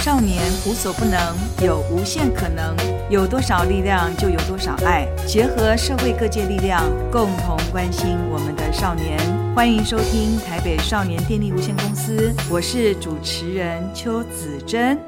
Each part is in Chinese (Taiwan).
少年無所不能，有無限可能。有多少力量，就有多少愛。結合社會各界力量，共同關心我們的少年。歡迎收聽台北少年電力無限公司，我是主持人邱子珍。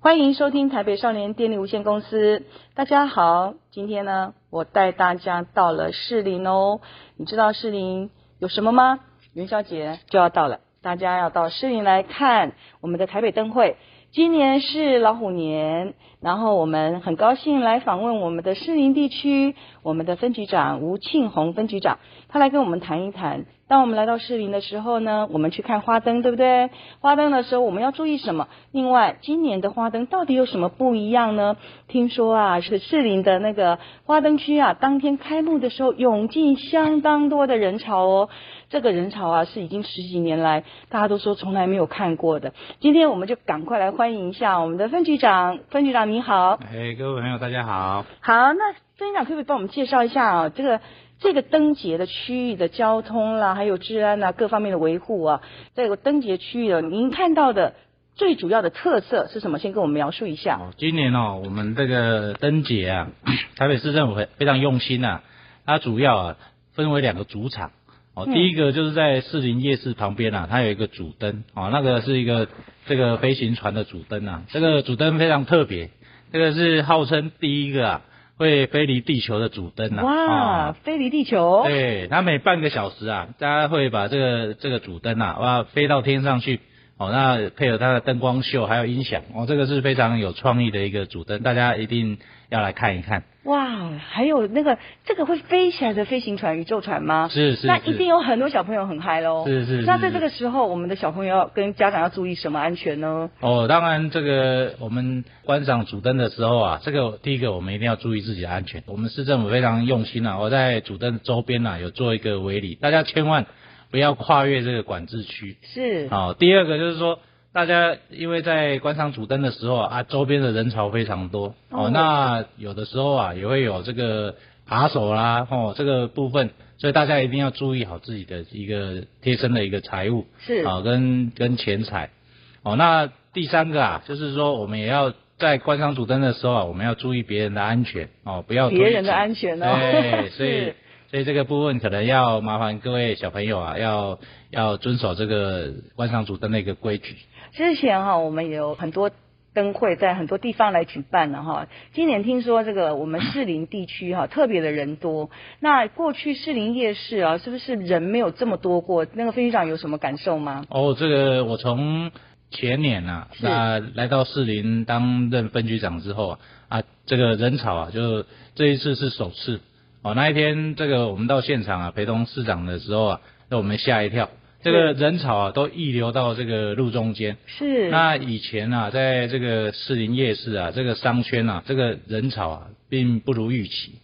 歡迎收聽台北少年電力無限公司，大家好。今天呢，我帶大家到了士林哦。你知道士林有什麼嗎？元宵節就要到了。大家要到士林來看我們的台北燈會，今年是老虎年，然後我們很高興來訪問我們的士林地區，我們的分局長吳慶鴻，分局長，他來跟我們談一談。當我們來到士林的時候呢，我們去看花燈，對不對？花燈的時候，我們要注意什麼？另外，今年的花燈到底有什麼不一樣呢？聽說啊，是士林的那個花燈區啊，當天開幕的時候湧進相當多的人潮哦。這個人潮啊，是已經十幾年來大家都說從來沒有看過的。今天我們就趕快來歡迎一下我們的分局長，分局長你好。誒、hey, 各位朋友，大家好。好，那分局長可不可以幫我們介紹一下啊？這個。這個燈節的區域的交通啦、啊，還有治安吶、啊，各方面的維護啊，這個燈節區域的、啊，您看到的最主要的特色是什麼？先跟我們描述一下。哦，今年哦，我們這個燈節啊，台北市政府非常用心吶、啊，它主要啊分為兩個主場哦，嗯、第一個就是在士林夜市旁邊吶、啊，它有一個主燈哦，那個是一個這個飛行船的主燈啊，這個主燈非常特別，這個是號稱第一個啊。會飛離地球的主燈啊，哇，啊、飛離地球！對，他每半個小時啊，大家會把這個這個主燈啊，哇，飛到天上去。哦，那配合它的燈光秀，還有音響，哦，這個是非常有創意的一個主燈，大家一定要來看一看。哇，還有那個這個會飛起來的飛行船、宇宙船嗎？是是是。那一定有很多小朋友很嗨嘍。是是。那在這個時候，我們的小朋友要跟家長要注意什麼安全呢？哦，當然，這個我們觀賞主燈的時候啊，這個第一個我們一定要注意自己的安全。我們市政府非常用心啊，我在主燈周邊啊有做一個圍籬，大家千萬，不要跨越這個管制區。是。哦，第二個就是說，大家因為在觀賞主燈的時候啊，周邊的人潮非常多，哦，哦那有的時候啊也會有這個扒手啦，哦，這個部分，所以大家一定要注意好自己的一個貼身的一個財物。是。好、哦、跟跟錢財。哦，那第三個啊，就是說我們也要在觀賞主燈的時候啊，我們要注意別人的安全。哦，不要。別人的安全哦、啊。對，所以。所以這個部分可能要麻煩各位小朋友啊，要要遵守這個觀賞組的那個規矩。之前哈、啊，我們也有很多燈會在很多地方來舉辦了哈。今年聽說這個我們士林地區哈、啊、 特別的人多，那過去士林夜市啊，是不是人沒有這麼多過？那個分局長有什麼感受嗎？哦，這個我從前年啊，那是、啊、來到士林當任分局長之後啊，啊這個人潮啊，就這一次是首次。哦，那一天這個我們到現場啊，陪同市長的時候啊，讓我們嚇一跳。這個人潮啊，都溢流到這個路中間。是。那以前啊，在這個士林夜市啊，這個商圈啊，這個人潮啊，並不如預期。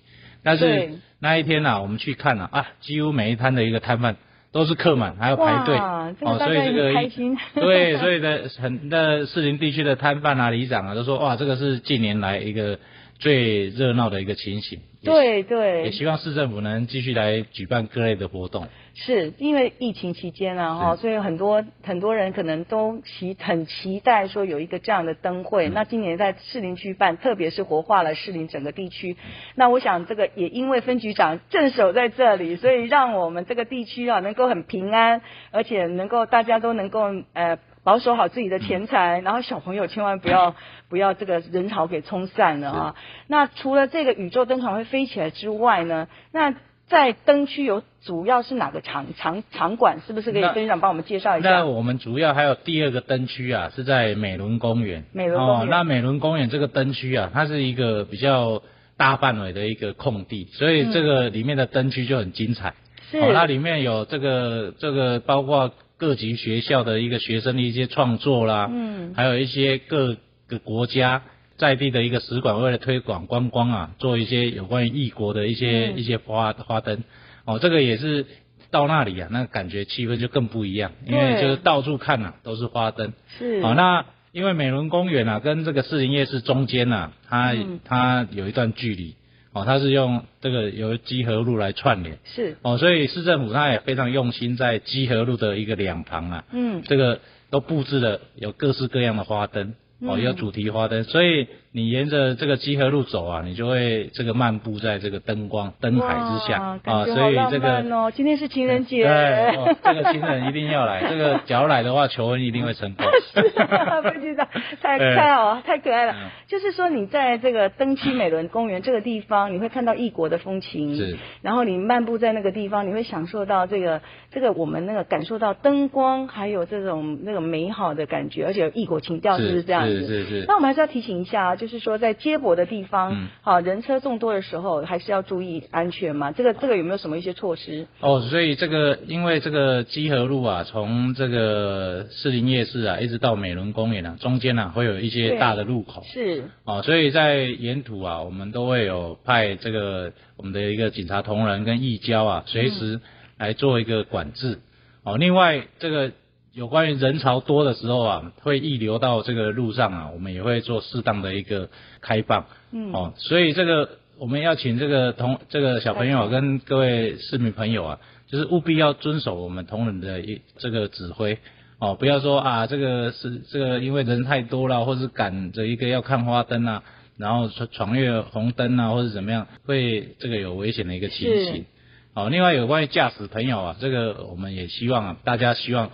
但是那一天呢、啊，我們去看了啊，啊，幾乎每一攤的一個攤販都是客滿，還要排隊。這個很哦、所以這個開心。對，所以的很的士林地區的攤販啊、里長啊，都說哇，這個是近年來一個。最熱鬧的一個情形，對，對對，也希望市政府能繼續來舉辦各類的活動。是因為疫情期間啊，哈是，所以很多很多人可能都期很期待說有一個這樣的燈會。嗯、那今年在士林區辦，特別是活化了士林整個地區。嗯、那我想這個也因為分局長鎮守在這裡，所以讓我們這個地區啊能夠很平安，而且能夠大家都能夠呃。保守好自己的錢財，嗯、然後小朋友千萬不要、嗯、不要這個人潮給沖散了啊、哦！是那除了這個宇宙飛船會飛起來之外呢？那在燈區有主要是哪個場場場館？是不是可以分局長幫我們介紹一下？那我們主要還有第二個燈區啊，是在美崙公園。美崙公園。哦，那美崙公園這個燈區啊，它是一個比較大範圍的一個空地，所以這個裡面的燈區就很精彩。是、嗯哦。那裡面有這個這個包括。各級學校的一個學生的一些創作啦，嗯，還有一些各個國家在地的一個使館為了推廣觀光、光啊，做一些有關於異國的一些、嗯、一些花花燈哦，這個也是到那裡啊，那感覺氣氛就更不一樣，因為就是到處看啊，對都是花燈是，哦，那因為美崙公園啊，跟這個士林夜市中間啊，它、嗯、它有一段距離。哦，它是用這個由基河路來串聯，是哦，所以市政府它也非常用心在基河路的一個兩旁啊，嗯，這個都布置了有各式各樣的花燈，哦，有、嗯、主題花燈，所以。你沿着這個基河路走啊，你就會這個漫步在這個燈光燈海之下啊，所以這個今天是情人節，嗯、對、哦，這個情人一定要來， 這個假如來的話，求婚一定會成功。 啊、不知道，太太了，嗯、太可愛了。嗯、就是說，你在這個燈區美崙公園這個地方，嗯、你會看到異國的風情，是。然後你漫步在那個地方，你會享受到這個這個我們那個感受到燈光，還有這種那種美好的感覺，而且異國情調是不是這樣子？是是是是，那我們還是要提醒一下啊，就。就是說在接駁的地方，好、嗯、人車眾多的時候，還是要注意安全嘛？這個這個有沒有什麼一些措施？哦，所以這個因為這個基河路啊，從這個士林夜市啊一直到美崙公園啊，中間呢、啊、會有一些大的路口，是哦，所以在沿途啊，我們都會有派這個我們的一個警察同仁跟義交啊，隨時來做一個管制。嗯、哦，另外這個。有關於人潮多的時候啊，會溢流到這個路上啊，我們也會做適當的一個開放。嗯。哦，所以這個我們要請這個同這個小朋友跟各位市民朋友啊，就是務必要遵守我們同仁的一這個指揮哦，不要說啊這個是這個因為人太多了，或是趕着一個要看花燈啊，然後闖闖越紅燈啊，或是怎麼樣，會這個有危險的一個情形。是哦，另外有關於駕駛朋友啊，這個我們也希望啊，大家希望。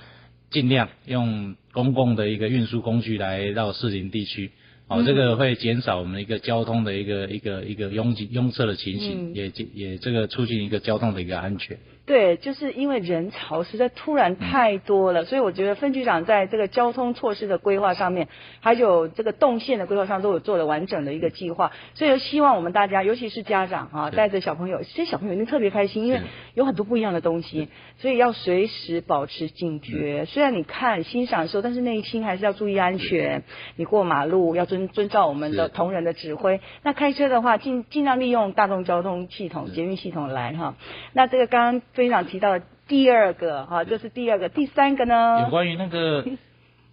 盡量用公共的一個運輸工具來到士林地區，好、哦，嗯、這個會減少我們一個交通的一個一個一個擁擠、擁塞的情形，嗯、也也這個促進一個交通的一個安全。對，就是因為人潮實在突然太多了，所以我覺得分局長在這個交通措施的規劃上面，還有這個動線的規劃上都有做了完整的一個計劃，所以希望我們大家，尤其是家長啊，帶着小朋友，其實小朋友一定特別開心，因為有很多不一樣的東西，所以要隨時保持警覺。雖然你看欣賞的時候，但是內心還是要注意安全。你過馬路要遵遵照我們的同仁的指揮。那開車的話，儘儘量利用大眾交通系統、捷運系統來哈。那這個剛剛。非常提到的第二個哈，這、就是第二個，第三個呢？有關於那個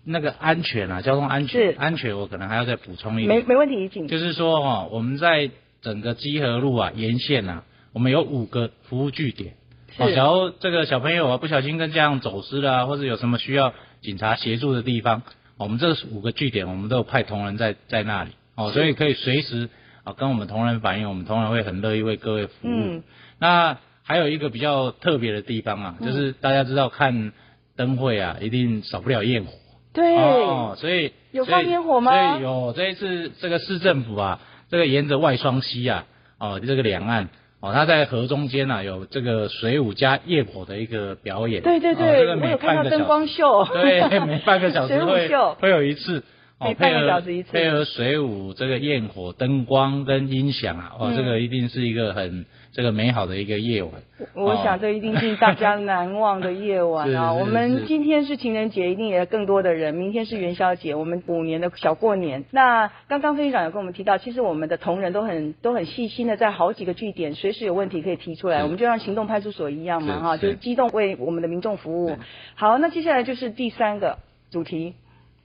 那個安全啊，交通安全，是安全我可能還要再補充一點。沒沒問題，請。就是說哈，我們在整個基河路啊沿線啊，我們有五個服務據點。然後是、喔、這個小朋友啊，不小心跟家長走失了、啊，或者有什麼需要警察協助的地方，我們這五個據點，我們都有派同仁在在那裡哦、喔，所以可以隨時啊跟我們同仁反映，我們同仁會很樂意為各位服務。嗯。那還有一個比較特別的地方啊，就是大家知道看燈會啊，一定少不了焰火。對，哦，所以有放煙火嗎？對，有。這一次這個市政府啊，這個沿着外雙溪啊，哦，這個兩岸哦，它在河中間啊，有這個水舞加焰火的一個表演。對對對，我、哦這個，有看到燈光秀。對，每半個小時會 水舞秀，會有一次，哦，半個小時一次。配合水舞這個焰火燈光跟音響啊，哦，這個一定是一個很。嗯這個美好的一個夜晚，我想這一定是大家難忘的夜晚啊！ 是是是是我們今天是情人節，一定也有更多的人。明天是元宵節，我們五年的小過年。那剛剛分局長有跟我們提到，其實我們的同仁都很都很細心的，在好幾個據點，隨時有問題可以提出來，嗯、我們就像行動派出所一樣嘛，哈，是是 就是機動為我們的民眾服務。好，那接下來就是第三個主題，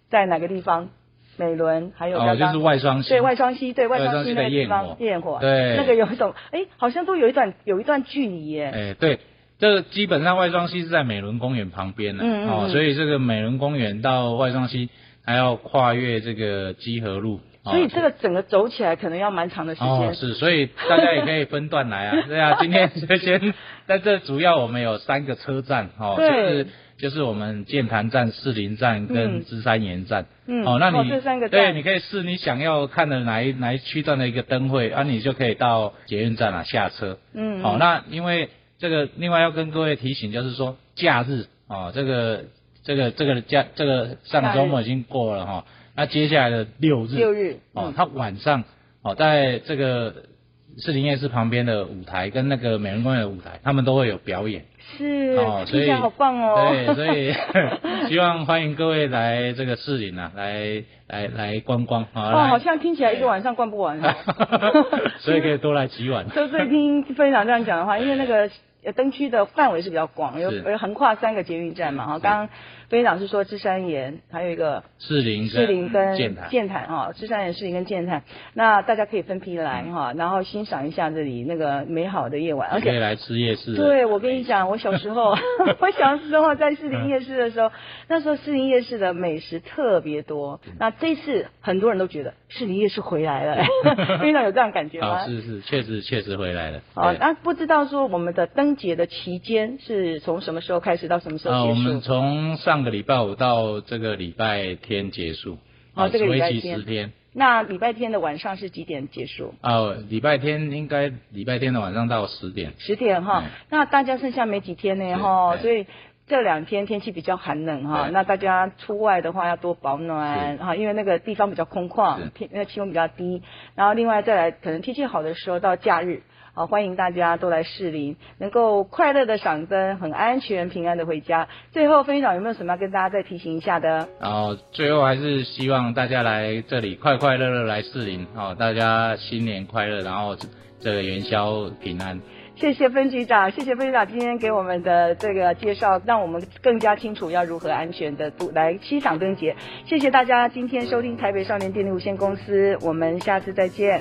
在哪個地方？美崙還有剛剛、哦，就是外雙溪，溪，對外雙溪，對外雙溪那個地方焰火，焰火對，那個有一種，哎、欸，好像都有一段有一段距離耶。哎、欸，對，這個、基本上外雙溪是在美崙公園旁邊、啊、嗯，嗯，哦，所以這個美崙公園到外雙溪還要跨越這個基河路，所以這個整個走起來可能要蠻長的時間、哦。是，所以大家也可以分段來啊， 對啊，今天就先， 但這主要我們有三個車站，哦，就對是。就是我們劍潭站、士林站跟芝山岩站，嗯，嗯哦，那你、哦、對，你可以試你想要看的哪一哪一區段的一個燈會，啊，你就可以到捷運站啊，下車，嗯，好、嗯哦，那因為這個另外要跟各位提醒，就是說假日哦，這個這個這個假這個上週末已經過了哈日、哦，那接下來的日六日，六、嗯、日哦，他晚上哦，在這個。士林夜市旁邊的舞台跟那個美崙公園的舞台，他們都會有表演。是哦，所以聽起來好棒哦。對，所以呵呵希望歡迎各位來這個士林啊，來來來觀光啊。哦，來好像聽起來一個晚上逛不完、哦。對 所以可以多來幾晚。是不是？聽分局長這樣講的話，因為那個燈區的範圍是比較廣，有橫跨三個捷運站嘛。哈、哦，剛剛。分局長是說芝山岩，還有一個士林，士林跟劍潭哈，芝山岩、士林跟劍潭，那大家可以分批來哈，然後欣賞一下這裡那個美好的夜晚，而且可以來吃夜市。對，我跟你講，我小時候，我小時候在士林夜市的時候，那時候士林夜市的美食特別多。那這次很多人都覺得士林夜市回來了，分局長有這樣感覺嗎？是是，確實確實回來了。啊，那不知道說我們的燈節的期間是從什麼時候開始到什麼時候結束？我們從上。上個禮拜五到這個禮拜天結束，啊，這個為期十天。那禮拜天的晚上是幾點結束？哦，禮拜天應該禮拜天的晚上到十點。十點哈，哦嗯、那大家剩下沒幾天呢哈，所以這兩天天氣比較寒冷哈，對那大家出外的話要多保暖哈，是因為那個地方比較空曠，天那氣溫比較低，然後另外再來可能天氣好的時候到假日。好，歡迎大家都來士林，能夠快樂的賞燈，很安全、平安的回家。最後，分局長有沒有什麼要跟大家再提醒一下的？哦，最後還是希望大家來這裡快快樂樂來士林哦，大家新年快樂，然後這個元宵平安。謝謝分局長，謝謝分局長今天給我們的這個介紹，讓我們更加清楚要如何安全的來七賞燈節。謝謝大家今天收聽台北少年電力無限公司，我們下次再見。